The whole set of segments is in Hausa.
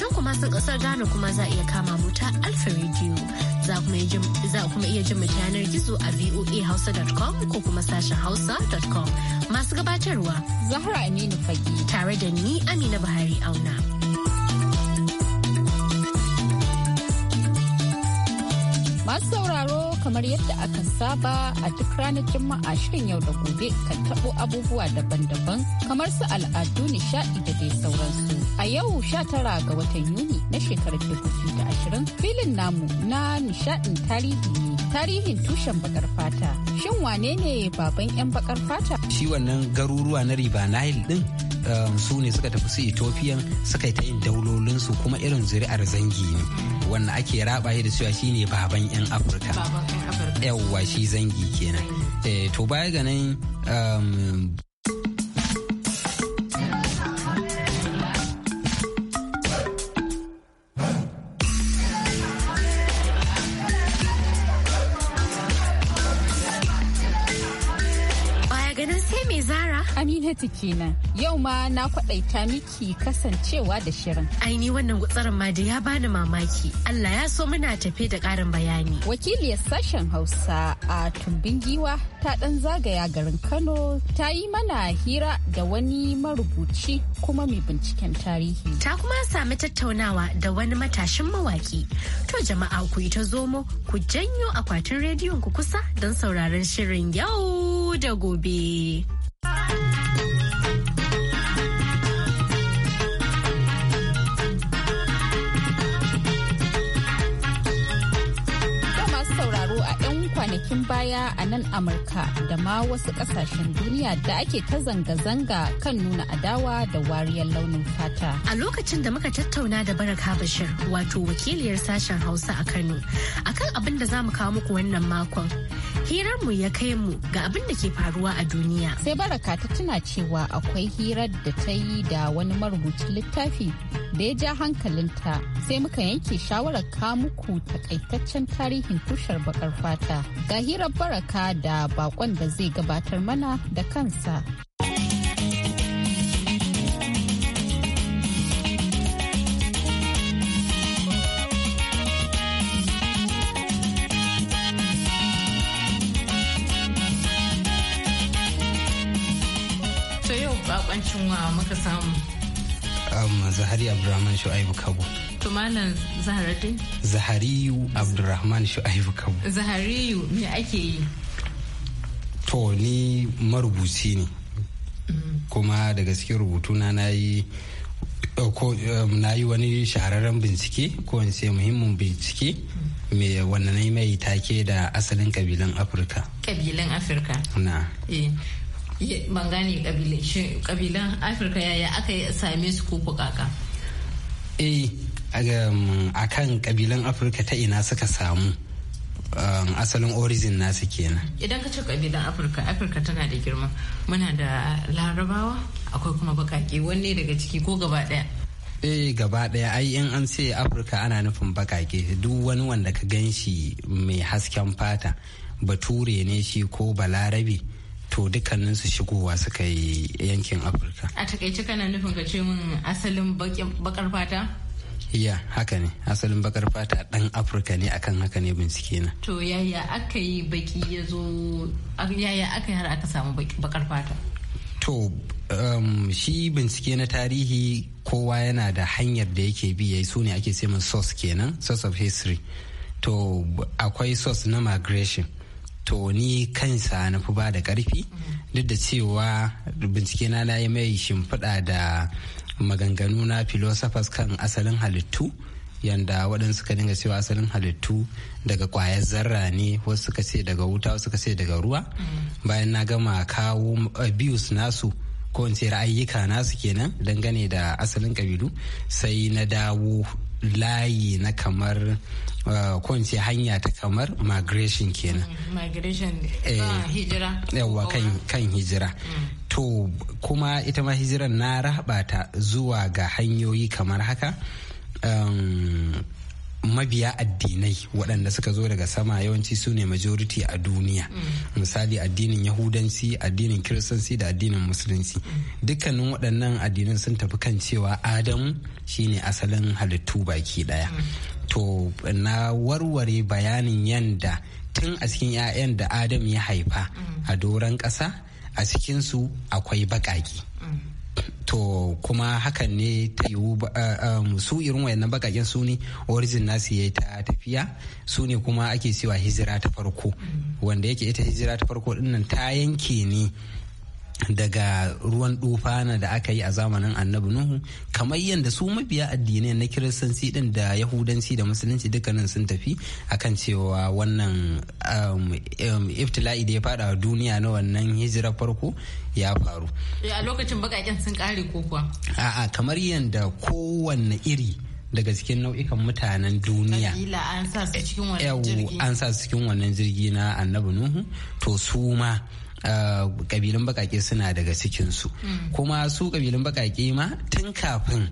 can kuma sun kasar Ghana kuma za iya kama mu ta Alfa Radio. Za kuma iya jin mu yanar gizo a voahausa.com ko kuma sashen hausa.com. Masu gabatarwa Zahra Aminu Fagi tare da ni Amina Buhari Auna. kamar yadda aka saba a duk ranar Juma'a shirin yau da gobe kan taɓo abubuwa daban-daban kamar su al'adu nishaɗi da dai sauransu. A yau sha tara ga watan Yuni na shekarar ashirin filin namu na nishaɗin tarihi ne tarihin tushen bakar fata. Shin wane ne baban 'yan baƙar fata? Shi wannan garuruwa na riba Nile din. Um, su ne suka tafi su Ethiopia suka yi ta yin daulolinsu kuma irin zuri'ar zangi ne wanda ake rabaye da cewa shine baban 'yan Afirka. Yawwa shi zangi kenan. Eh, to baya ga nan um, Aminatu kenan. Yau ma na kwaɗaita miki kasancewa da shirin. Aini wannan gutsarin ma da ya bani mamaki. Allah ya so muna tafe da ƙarin bayani. Wakiliyar sashen Hausa a Tumbin Giwa ta ɗan zagaya garin Kano ta yi mana hira da wani marubuci kuma mai binciken tarihi. Ta kuma sami tattaunawa da wani matashin mawaki. To jama'a ku yi ta zomo ku janyo akwatin rediyon ku kusa don sauraron shirin yau da gobe. kwanakin baya a nan amurka da ma wasu kasashen duniya da ake ta zanga-zanga kan nuna adawa da wariyar launin fata a lokacin da muka tattauna da baraka bashir wato wakiliyar sashen hausa a kano akan abin da za mu kawo muku wannan makon mu ya kai mu ga abin da ke faruwa a duniya. Sai baraka ta tuna cewa akwai hirar da ta yi da wani marubucin littafi da ya ja hankalinta sai muka yanke shawarar ka muku takaitaccen tarihin tushar bakar fata. Ga hirar baraka da bakon da zai gabatar mana da kansa. bakoncin wa muka samu um, zahari abdurrahman shu'aibu kabo to malam zahariyu abdurrahman shu'aibu kabo zahariyu me ake yi to ni marubuci ne mm. kuma da gaske rubutuna na yi uh, ko um, na yi wani shahararren bincike ko in ce muhimmin bincike mm. me wannan mai take da asalin kabilan afirka kabilan afirka na eh. ban gane kabilan afirka yaya aka same su ko kaka eh um, a kan kabilan afirka ta ina suka samu um, asalin origin nasu kenan idan ka ce kabilan afirka afirka tana da girma muna da larabawa akwai kuma bakaki wanne daga ciki ko gaba daya eh gaba daya ai in an ce afirka ana nufin bakaƙe duk wani wanda ka ganshi mai hasken fata bature ne shi ko balarabe to dukkanin su shigowa suka yi yankin afirka a takaice kana nufin ka ce min asalin bakar fata iya haka ne asalin bakar fata dan afirka ne akan haka ne bincike na to yaya aka yi baki ya zo yaya aka yi har aka samu bakar fata to um, shi bincike na tarihi kowa yana da hanyar da yake bi yayi su ne ake ce source kenan source of history to akwai source na migration to ni kansa na fi ba da karfi duk da cewa bincike na na mai shimfiɗa da maganganu na philosophers kan asalin halittu yanda waɗansu suka dinga cewa asalin halittu daga ƙwayar zarra ne wasu suka ce daga wuta wasu suka ce daga ruwa mm. bayan na gama kawo abuse nasu ko in ce ra'ayyuka nasu kenan dangane da asalin kabilu sai na dawo layi na kamar eh, ko in ce hanya ta kamar migration kenan mm, migration eh, hijira kan hijira mm. to kuma ita ma hijiran na rahbata zuwa ga hanyoyi kamar haka um, mabiya addinai waɗanda suka zo daga sama yawanci su ne majority a duniya misali addinin yahudanci addinin kiristanci da addinin musulunci dukkanin waɗannan addinan sun tafi kan cewa adamu shine asalin halittu baki ɗaya to na warware bayanin yanda tun a cikin 'ya'yan da adam ya haifa a doron ƙasa a cikinsu akwai baƙaƙi to kuma hakan ne ta yiwu um, su irin wayannan bakaken su ne origin nasu ya ta tafiya su ne kuma ake cewa hijira ta farko wanda yake ita hijira ta farko dinnan ta yanke ne daga ruwan dufana da aka yi a zamanin annabi nuhu kamar yadda su mabiya addinai na kiristanci din da yahudanci da musulunci dukkanin sun tafi akan cewa wannan um, um, iftila'i da ya fada duniya na wannan hijirar farko ya faru eh, a lokacin bakaken sun kare ko kuwa a'a kamar yadda kowanne iri daga cikin nau'ikan mutanen duniya an sa su cikin wannan jirgi na annabi nuhu to su ma Eh, kabilun bakake suna daga cikinsu hmm. kuma su kabilun bakake ma tun kafin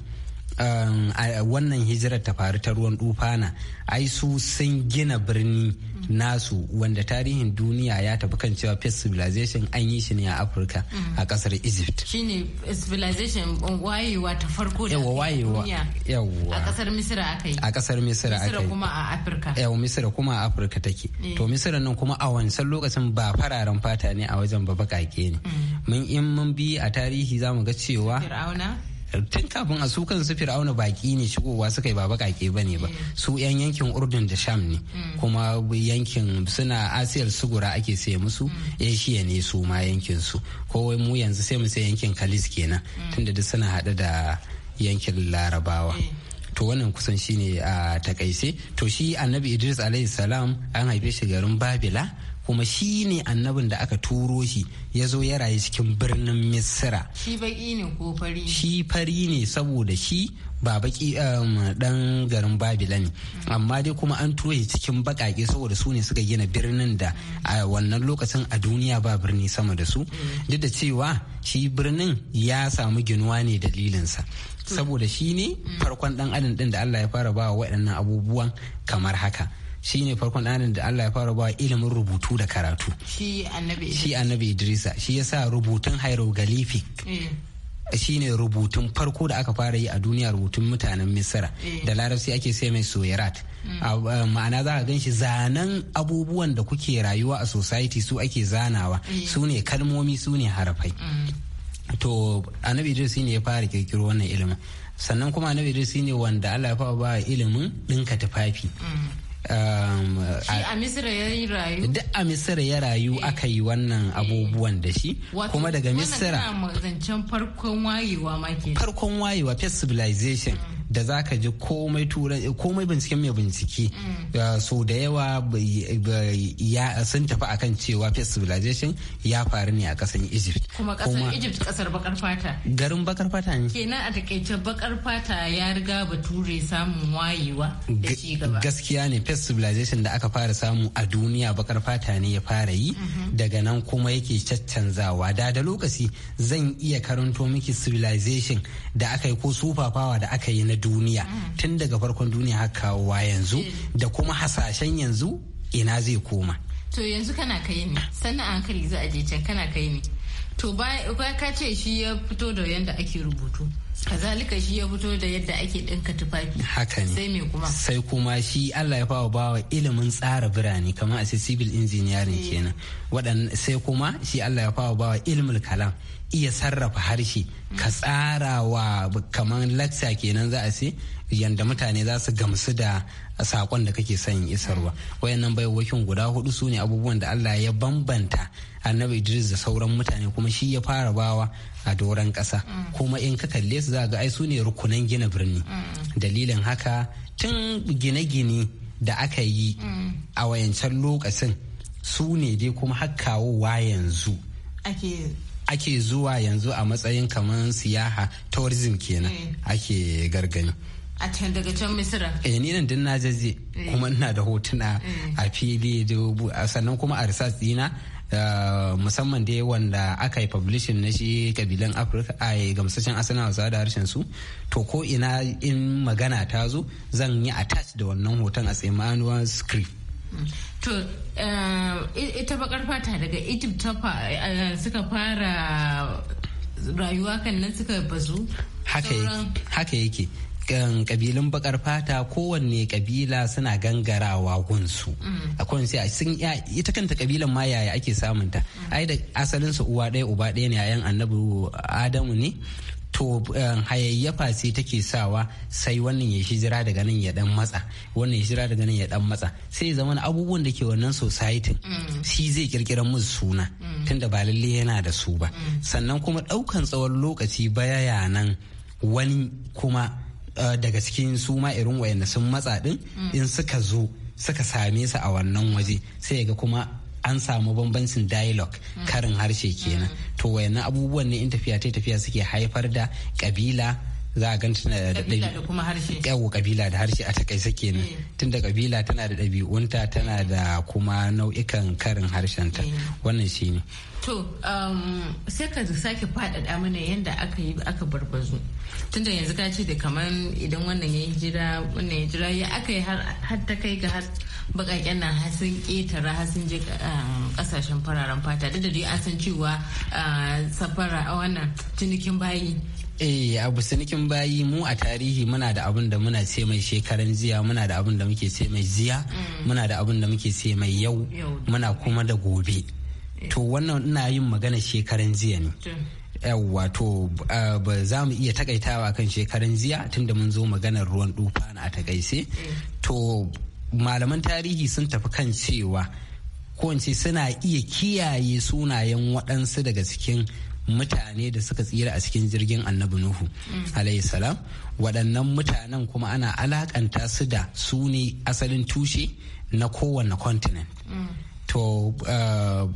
Um, wannan hijirar ta faru ta ruwan dufana ai su sun gina birni nasu wanda tarihin duniya ya tafi kan cewa first civilization an yi shi ne a afirka a kasar egypt shine civilization wayewa ta farko da yawa wayewa yawa a kasar misira aka yi a kasar misira aka yi kuma a afirka yawa misira kuma a afirka take eh. to misira nan kuma a wancan lokacin ba fararen fata ne a wajen ba bakake ne mm. mun in mun bi a tarihi zamu ga cewa tun kafin a su kansu fir'auna baki ne shigowa suka yi ba bakake ba ne ba su yan yankin urdun da sham ne mm. kuma yankin suna asiyar sugura ake sai musu yan mm. shiya ne su ma yankin su kowai mu yanzu sai mu sai yankin kalis kenan mm. tunda duk suna hada da yankin larabawa eh. to wannan kusan shine a takaice to shi annabi idris alayhi salam an haife shi garin babila kuma shi ne annabin da aka turo shi ya zo ya rayu cikin birnin misira shi baki ne ko fari shi fari ne saboda shi ba baki dan um, garin babila ne amma dai kuma an turo shi cikin bakake saboda su ne suka gina birnin da a wannan lokacin a duniya ba birni sama da su duk da cewa shi birnin ya samu ginuwa ne dalilinsa saboda shi ne farkon dan adam din da allah ya fara ba waɗannan abubuwan kamar haka shine farkon ɗanin da Allah ya fara ba ilimin rubutu da karatu shi annabi Idrisa shi ya sa rubutun hieroglyphic eh. Shi ne rubutun farko da aka fara yi a duniya rubutun mutanen misira eh. da larabci ake sai mai soyarat hmm. eh, ma'ana za a gan shi zanen abubuwan da kuke rayuwa a society su ake zanawa su ne kalmomi su ne harafai hmm. to annabi idris ne ya fara kirkiro wannan ilimin sannan kuma annabi idris ne wanda allah ya fara ba ilimin ɗinka tufafi hmm. Um, a misira ya yi rayu duk a misira ya rayu eh. aka yi wannan eh. abubuwan da shi kuma daga misira zancen farkon wayewa ma farkon wayewa first civilization mm. da za ka ji komai turan komai binciken mai bincike mm. uh, so da yawa sun tafi akan cewa face civilization ya faru ne a kasan egypt kuma kasan egypt kasar bakar fata garin bakar fata ne kenan a takaice bakar fata ya riga bature samun wayewa da ci gaba gaskiya ne face civilization da aka fara samu a duniya bakar fata ne ya fara yi mm-hmm. daga nan kuma yake caccanzawa da da lokaci zan iya karanto miki civilization da aka yi ko super power da aka yi na duniya tun daga farkon duniya haka wa yanzu da kuma hasashen yanzu ina zai koma to yanzu kana kai ne sannan hankali za a je can kana kai ne to ba ka ce shi ya fito da yanda ake rubutu kazalika shi ya fito da yadda ake ɗinka tufafi haka ne sai kuma sai kuma shi Allah ya fawa bawa ilimin tsara birane kamar a civil engineering mm. kenan waɗannan sai kuma shi Allah ya fawa bawa ilimin kalam iya sarrafa harshe ka mm. tsara wa kamar laksa kenan za a ce yanda mutane za su gamsu da a sakon da kake son isarwa wayannan baiwakin guda hudu su ne abubuwan da Allah ya bambanta annabi Idris da sauran mutane kuma shi ya fara bawa a doron ƙasa kuma in ka kalle su za ga ai su ne rukunan gina birni dalilin haka tun gine-gine da aka yi a wayancan lokacin su ne dai kuma har yanzu ake zuwa yanzu a matsayin kamar siyaha tourism kenan eh. ake gargani. a can daga can misira eh ni nan din na eh. kuma ina da hotuna a eh. fili a sannan kuma a research dina musamman dai wanda aka yi publishing na shi kabilan afirka a gamsashen asalin hausa da harshen su to ko ina in magana ta zo zan yi attach da wannan hoton a tsaye script To eh, ita bakar fata daga Egypt suka fara rayuwa kan nan suka bazu. Haka yake. kabilun bakar fata kowanne kabila suna gangarawa gunsu mm. akwai sai sun ita kanta kabilan ma yaya ake samunta mm. ai da asalin su uwa ɗaya uba ɗaya ne yayan annabi adamu ne to eh, hayayyafa sai take sawa sai wannan ya hijira daga nan ya dan matsa wannan ya hijira daga nan ya dan matsa sai zama abubuwan da ke wannan society mm. shi zai kirkira musu suna tunda ba lalle yana da su ba sannan kuma daukan tsawon lokaci baya nan wani kuma Eh, daga cikin suma irin wayanda sun matsa din mm. in suka zo suka same su a wannan waje sai ga kuma an samu bambancin dialogue mm. karin harshe kenan mm. to wayannan abubuwan ne in tafiya ta tafiya suke haifar da kabila za a gan tana da ɗabi'u kabila da harshe a takaice kenan eh. tun da kabila tana da ɗabi'unta tana da kuma nau'ikan karin harshenta eh. wannan shi ne to um, sai ka sake faɗaɗa mana yadda aka yi aka barbazu tun da yanzu ka ce da kamar idan wannan ya jira wannan ya jira ya aka yi har ta kai ga har baƙaƙen nan har sun ƙetara je kasashen um, fararen fata da da dai an san cewa uh, safara a wannan cinikin bayi Eh abu sanikin bayi mu a tarihi muna da abin da muna ce mai shekaran jiya muna da abin da muke ce mai jiya mm. muna da abin da muke ce mai yau muna kuma da gobe. Eh. To wannan ina yin magana shekaran jiya ne. yawwa to ba za mu iya takaitawa kan shekaran jiya tunda mun zo maganar ruwan dufa na a takaice eh. to malaman tarihi sun tafi kan cewa ko suna iya kiyaye sunayen waɗansu daga cikin mutane da suka tsira a cikin jirgin annabi nuhu alayhi salam waɗannan mutanen kuma ana alakanta su da su ne asalin tushe na kowane continent to uh,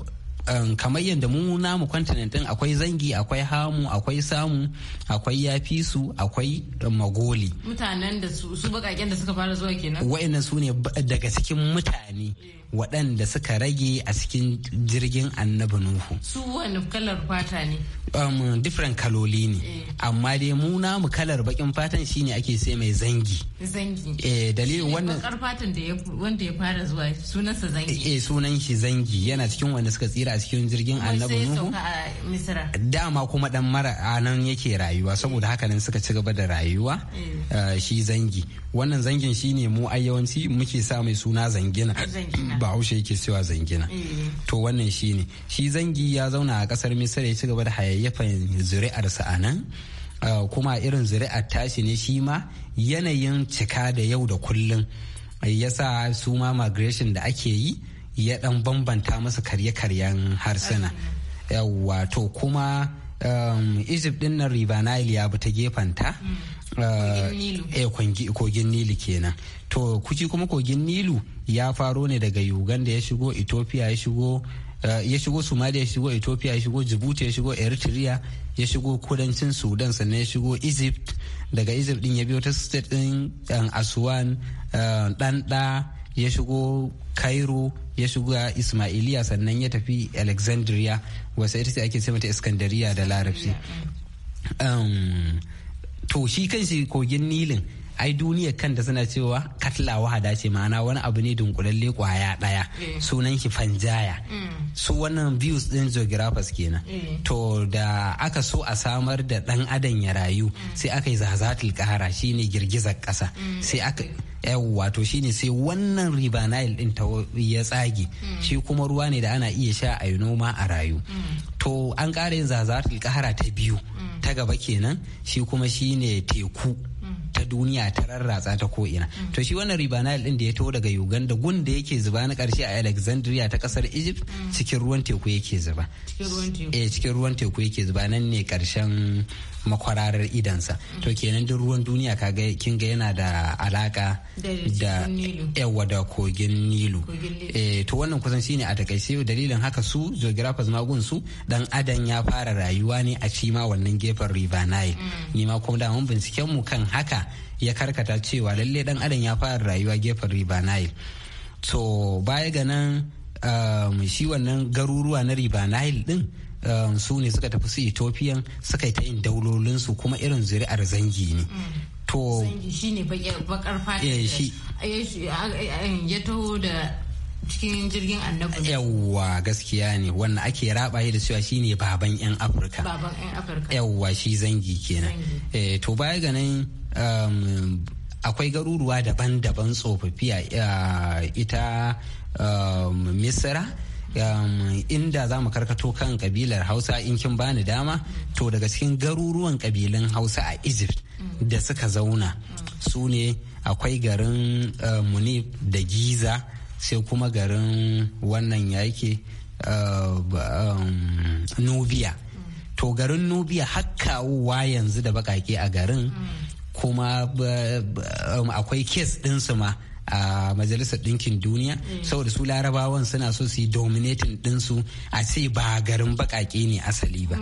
kamar yadda mu namu continent din akwai zangi akwai hamu akwai samu akwai yafisu akwai magoli mutanen da su bakaken da suka fara zuwa kenan wa'annan su ne daga cikin mutane waɗanda suka rage a cikin jirgin annabi nuhu su wani kalar fata ne um, different kaloli ne eh. amma dai mu namu kalar bakin fatan shine ake sai mai zangi zangi eh dalilin wannan bakar fatan da wanda ya fara zuwa sunansa zangi eh sunan shi zangi yana cikin wanda suka tsira a cikin jirgin annabi nuhu dama kuma dan mara nan yake rayuwa saboda haka nan suka ci gaba da rayuwa eh. Eh, shi zangi wannan zangin shine mu ayyawanci yawanci muke sa mai suna zangina haushe yake cewa zangina eh. to wannan shine shi zangi ya zauna a kasar misira ya ci gaba da hayayyafan zuri'ar a nan kuma irin zuri'ar tashi ne shi ma yanayin cika da yau da kullun. ya sa su ma migration da ake yi ya dan bambanta masa karye-karyen harsuna yawwa to kuma um, egypt din nan riba nile ya bi ta gefanta mm. uh, eh, kogin nilu kenan to kuci kuma kogin nilu ya faro ne daga uganda ya shigo ethiopia ya shigo uh, ya shigo somalia ya shigo ethiopia ya shigo djibouti ya shigo eritrea ya shigo kudancin sudan sannan ya shigo egypt daga egypt din ya biyo ta state din um, aswan danda uh, ya shigo cairo ya shiga ismailiya sannan ya tafi alexandria wasu ita ce ake ce mata iskandariya da larabci um, to shi kan shi kogin nilin ai duniya kan da suna cewa katla wahada ce ma'ana wani abu ne dunkulalle kwaya daya eh. sunan shi fanjaya mm. su wannan views din geographers kenan eh. to da aka so a samar da dan adam ya rayu mm. sai aka yi zazatul kara shine girgizar kasa mm. sai aka yawwa to shine sai wannan riba nile din ta ya tsage hmm. shi kuma ruwa ne da ana iya sha a yi noma a rayu hmm. to an ƙara yin zazatul kahara ta biyu hmm. ta gaba kenan shi kuma shine teku ta duniya ta rarratsa ta ko'ina to shi wannan riba nile din da ya taho daga uganda gun da yake zuba na karshe a alexandria ta kasar egypt cikin ruwan teku yake zuba cikin ruwan teku eh, yake zuba nan ne karshen makwararar idansa to kenan duk ruwan duniya kaga kin ga yana da alaka da yawa da kogin nilu eh to wannan kusan shine a takaice dalilin haka su geographers magun su dan adan ya fara rayuwa ne a cima wannan gefen river nile mm. ni ma kuma da mun binciken mu kan haka ya karkata cewa lalle dan adan ya fara rayuwa gefen river nile to baya ga nan um, shi wannan garuruwa na river nile din Um, su ne suka tafi su Ethiopian suka yi ta yin daulolinsu kuma irin zuri'ar zangi ne. To eh, shi ne bakar fadi ya taho da cikin jirgin annabi yawwa gaskiya ne wanda ake raba da cewa ne baban yan afirka baban yan afirka yawwa shi zangi kenan eh to baya ga nan um, akwai garuruwa daban-daban tsofaffi a ita um, misira inda za mu karkato kan kabilar hausa in kin bani dama to daga cikin garuruwan kabilun hausa a egypt da suka zauna su ne akwai garin eh, munib da giza sai kuma garin wannan yake eh, um, Nubia, to garin nubia hakkawowa yanzu da bakake a garin kuma um, akwai kes ɗinsu ma a majalisar ɗinkin duniya mm. saboda su larabawan suna so su yi dominating ɗinsu a ce ba garin baƙaƙe ne asali ba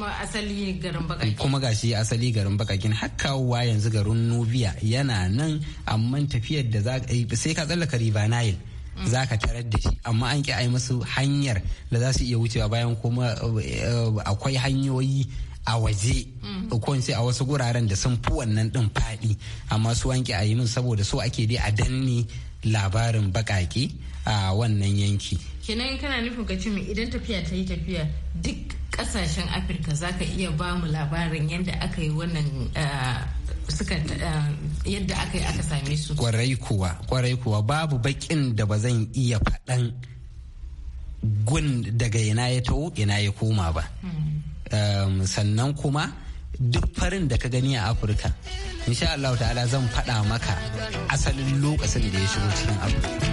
kuma gashi asali garin baƙaƙe har kawowa yanzu garin nubiya yana nan amma tafiyar da za sai ka tsallaka river nile mm. za ka tarar da shi amma an ƙi a yi musu hanyar da za su iya wucewa bayan kuma eh, akwai hanyoyi a waje mm. ko ce a wasu guraren da sun fi wannan din faɗi amma su wanke a yi min saboda so ake dai a danne labarin baƙaƙe a wannan yanki kenan kana nufin ka mai idan tafiya ta yi tafiya duk ƙasashen afirka za ka iya ba mu labarin yadda aka yi wannan eh, eh, yadda aka yi aka same su kwarai kuwa kwarai kuwa babu bakin da ba zan iya faɗan gun daga ina ya taho ina ya koma ba hmm. sannan kuma duk farin da ka gani a afirka insha allahu ta'ala zan faɗa maka asalin lokacin da ya shigo cikin afirka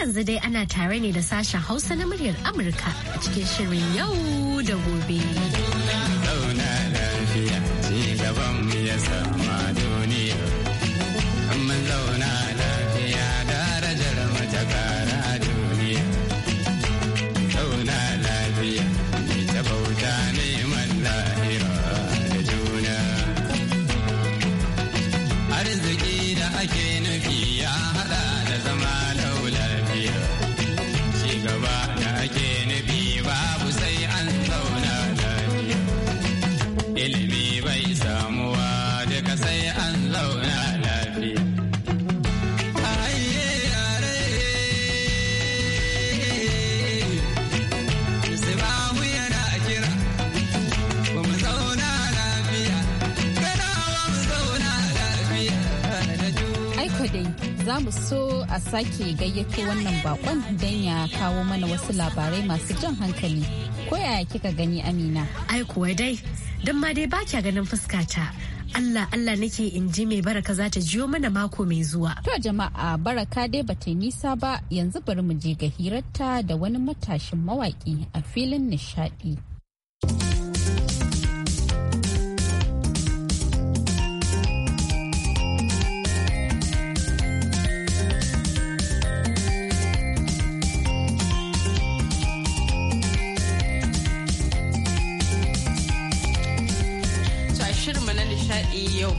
yanzu dai ana tare ne da sashen hausa na muryar amurka a cikin shirin yau da gobe. mu so a sake gayyato wannan bakon don ya kawo mana wasu labarai masu jan hankali. Ko yaya kika gani Amina? Ai kuwa dai, don ma dai ba kya ganin fuskata. Allah Allah nake in ji mai baraka za ta jiyo mana mako mai zuwa. To jama'a baraka dai ba ta nisa ba yanzu bari mu je ga hirarta da wani matashin mawaki a filin nishadi.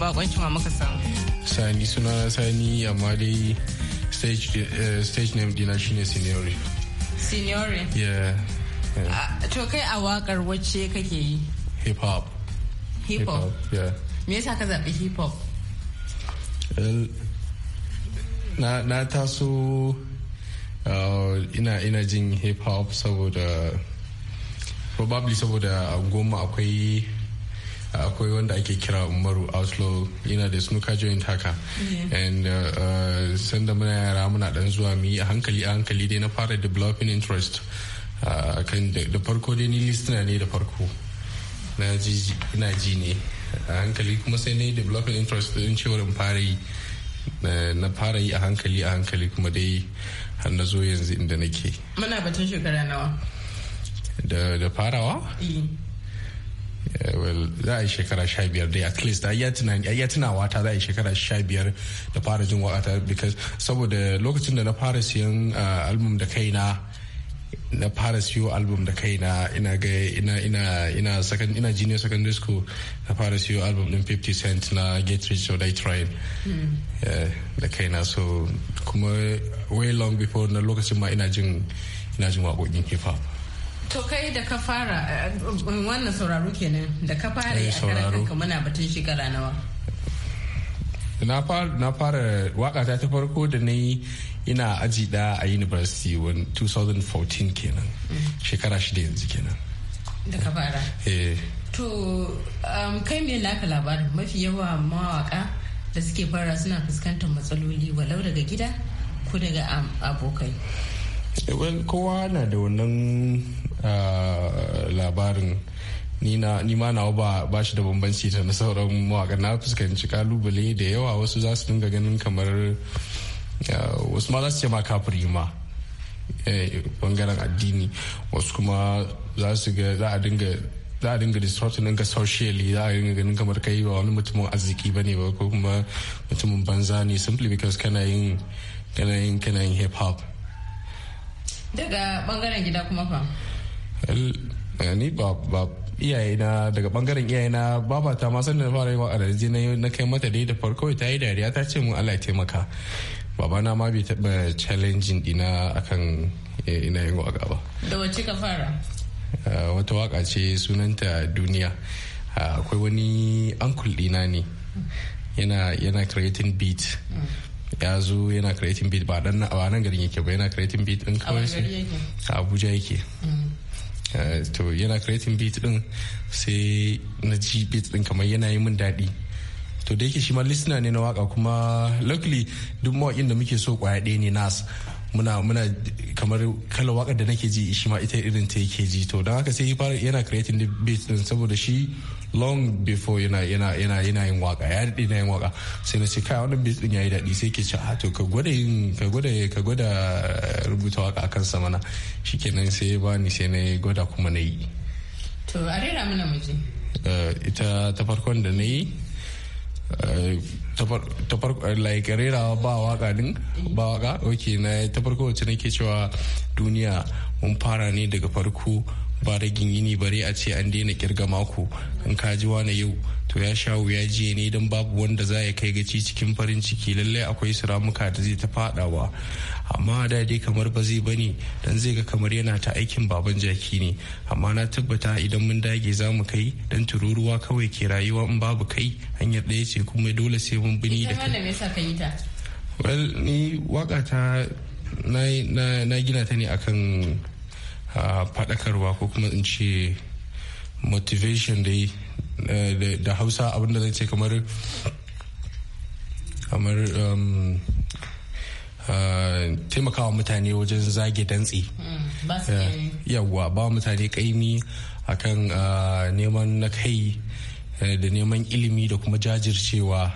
bakoncin wa muka samu sani suna sani amma dai eh, stage name dina shine seniori seniori yeah ah, to kai a wakar wacce kake yi hip hop hip hop yeah me yasa ka zaɓi hip hop na na taso uh, ina ina jin hip hop saboda probably saboda goma akwai akwai wanda ake kira umaru oslo yana da snooker joint haka and uh, uh, sanda muna yara muna dan zuwa mu yi a hankali a hankali dai na fara developing interest uh, kan da farko dai ni listener ne da farko na ji ne a hankali kuma sai na yi developing interest don cewar in fara yi na fara yi a hankali a hankali kuma dai har na zo yanzu inda nake muna batun shekara nawa da farawa eh. za a yi shekara sha biyar dai at least a iya tunawa ta za a yi shekara sha biyar da fara jin waka because saboda lokacin da na fara siyan ah, album da kaina na fara siyo album da kaina ina ga ina ina ina second ina junior secondary school na fara siyo album din 50 cent na get rich or die trying hmm. eh, da kaina so kuma way long before na lokacin ma ina jin ina jin waƙoƙin hip hop To kai da ka fara eh, wannan sauraro kenan da ka fara eh, a karan kanka muna batun shekara nawa. Na fara waka ta farko da na yi ina aji da a university 2014 kenan mm. shekara shida yanzu kenan. Da ka fara? Eh. To um, kai mai naka labarin mafi yawa mawaka da suke fara suna fuskantar matsaloli walau daga gida ko daga abokai. Eh, kowa na da wannan Eh, labarin ni ma nawa ba shi da bambanci ta na sauran mawakan na fuskanci kalubale da yawa wasu za su dinga ganin kamar eh, wasu ma za su ce ma kafiri ma eh, bangaren addini wasu kuma za su ga za a dinga za a dinga disrupting dinga socially za a dinga ganin kamar kai ba wani mutumin arziki ba ne ba ko kuma mutumin banza ne simply because kana yin kana yin kana yin hip hop daga bangaren gida kuma fa Eh, ni ba iyaye na daga bangaren iyayena baba ta ma da fara yawa a darje na kai mata dai da farko ta yi dariya ta ce mun Allah ya taimaka baba na ma bai taba challenge dina akan eh, ina yin waka ba da wacce ka fara eh, wata waka ce sunanta duniya ah, akwai wani uncle dina ne yana yana creating beat mm. ya zo yana creating beat ba dan a nan garin yake ba yana creating beat din kawai a Abuja yake mm. Eh, to yana creating beat din sai na ji beat din kamar yana yi min daɗi to da yake shi ma listener ne na waka kuma luckily duk mawaƙin da muke so kwaya ɗaya ne nas muna muna kamar kalar waka da nake ji shi ma ita irin ta yake ji to don haka sai yana creating the beat din saboda shi long before yana yana yana yana yin waka ya daɗe na yin waka sai na ce kai wannan beat din yayi daɗi sai ke ce a ah, to ka gwada yin ka gwada ka gwada rubuta waka akan sa mana shikenan sai ya bani sai na gwada kuma na yi to a rera mana muje eh, ita ta farkon da na yi eh, ta farko like rerawa ba waka din ba waka ok na ta farko wacce nake cewa duniya mun fara ne daga farko ba ragin yini bare a ce an daina kirga mako in ka ji wani yau to ya sha wuya jiya ne don babu wanda za ya kai gaci cikin farin ciki lallai akwai siramuka da zai ta fadawa amma da dai kamar ba zai bane dan zai ga kamar yana ta aikin baban jaki ne amma na tabbata idan mun dage za mu kai dan tururuwa kawai ke rayuwa in babu kai hanyar ɗaya ce kuma dole sai mun bini da kai well waka ta na gina ta ne akan faɗakarwa ko kuma in ce motivation da yi eh, da hausa abinda zai ce kamar um, taimakawa mutane wajen zage dantse mm, eh, yawwa ba mutane kaimi akan neman na kai eh, da neman ilimi da kuma jajircewa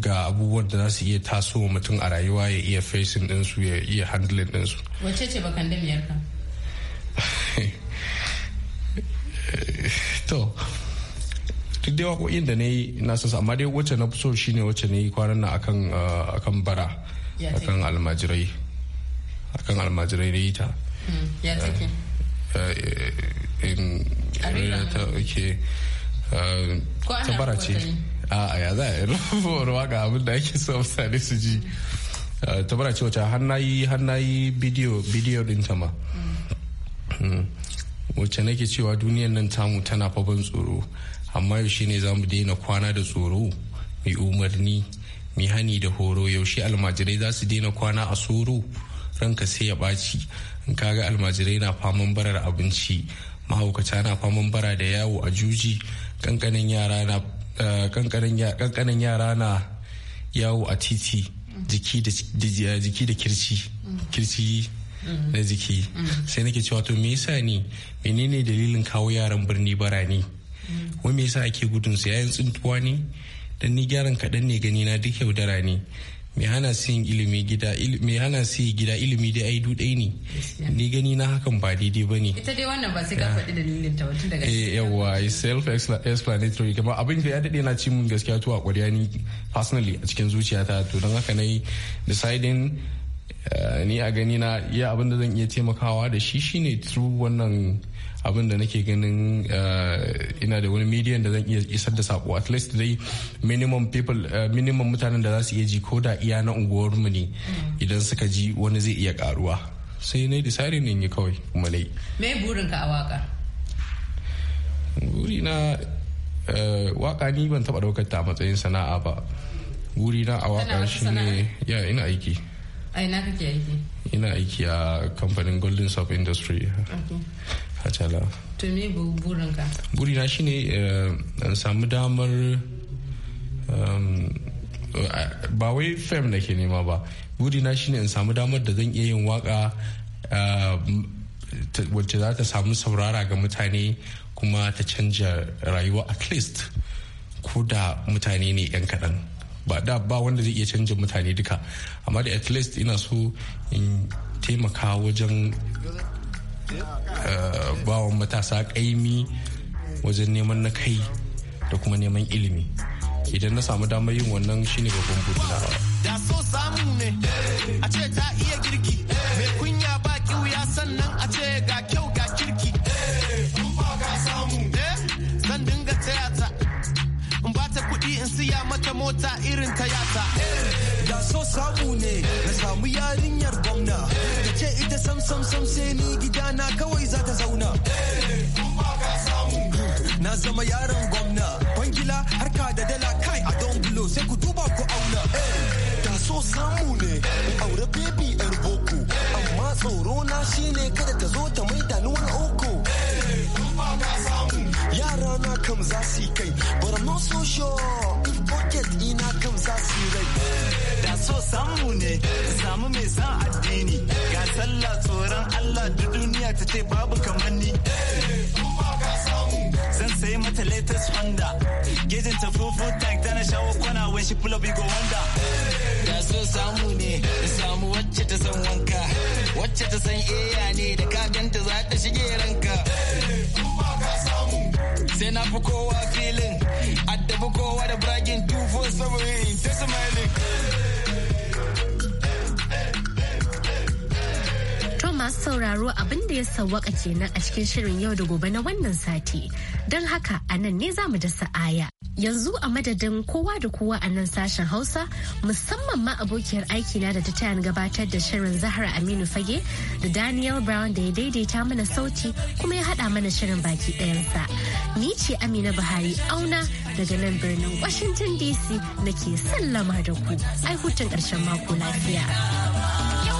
ga abubuwan da za su iya tasowa mutum a rayuwa ya iya facing ɗinsu ya iya handling ɗinsu wacce ce bakan damiyar ka to duk dai waƙoƙin da na yi na sasa amma dai wacce na so shine wacce na yi kwanan na akan uh, akan bara akan almajirai akan almajirai da yi ta ya take ta ta bara ce a ya za a yi rufuwa ga abin da ake so mutane su ji uh, ta bara ce wacce har na yi bidiyo ta ma hmm. Mm. wacce nake cewa duniyar nan tamu tana ban tsoro amma yaushe ne za mu daina kwana da tsoro mai umarni mai hani da horo yaushe almajirai za su daina kwana a tsoro ranka sai ya ɓaci in kaga almajirai na faman barar abinci mahaukata na faman bara da yawo a juji kankanin eh, yara na yawo a titi jiki da kirci na jiki sai nake cewa to me yasa ne menene dalilin kawo yaran birni barani ko me yasa ake gudun su yayin tsintuwa ne dan ni gyaran kaɗan ne gani na duk yaudara ne me hana su yin ilimi gida me hana su yi gida ilimi dai ai dudai ne ni gani na hakan ba daidai ba ne. ita dai wannan ba sai ka ah. faɗi dalilin ta wata daga eh, cikin yawa self explanatory kuma abin da ya dade na ci mun gaskiya to a ƙwariya ni personally a cikin zuciyata to don haka na yi deciding Eh, ni a gani na iya abin da zan iya taimakawa da shi shine through wannan abin da nake ganin eh, ina da wani medium da zan iya isar da sako at least dai minimum people eh, minimum mutanen da za su iya ji ko da iya na unguwarmu ne idan suka ji wani zai iya karuwa sai na disari ne yi kawai kuma nai me ka a waka burina waka ni ban taba daukar ta matsayin sana'a ba burina a waka shine ya ina aiki kake aiki ina aiki a kamfanin golden soap industry hajjala to me burinka burina shine eh, in samu damar um, ba wai fem da ke nema ba burina shine in samu damar da zan iya yin waka eh, wacce za ta samu saurara ga mutane kuma ta canja rayuwa at least ko da mutane ne 'yan kaɗan ba da ba wanda zai iya canja mutane duka amma da at least ina so in taimaka wajen eh, bawa matasa kaimi wajen neman na kai da kuma neman ilimi idan na samu damar yin wannan shine babban burina da ne a ce ta iya girki mai kunya ba ya sannan a ce ga mata mota irin tayata da so samu ne na samu yarinyar gwamna da ce ita sam sam sam sai ni gidana kawai za ta zauna na zama yaron gwamna bangila harka da dala kai a don bulo sai ku duba ku auna da so samu ne aure baby yar boko amma tsoro na shine kada ta zo ta maita ni wani oko yara na kam za su kai but so samu ne samu mai san addini ga sallah tsoron Allah da duniya ta ce babu kamar ni zan sayi mata latest Honda gejin ta fufu tank tana shawo kwana wai shi pull up go wanda Ga so samu ne samu wacce ta san wanka wacce ta san eya ne da ka ganta za ta shige ranka sai na fi kowa filin addabi kowa da bragin 247 ta smiling masu sauraro abin da ya sawwaka kenan a cikin shirin yau da gobe na wannan sati. Don haka a nan ne za mu da sa'aya. Yanzu a madadin kowa da kowa a nan sashen Hausa musamman ma abokiyar aikina da ta tayan gabatar da shirin Zahra Aminu Fage da Daniel Brown da ya daidaita mana sauti kuma ya haɗa mana shirin baki ɗayansa. Ni ce Amina Buhari auna daga nan birnin Washington DC ke sallama da ku. Ai hutun ƙarshen mako lafiya.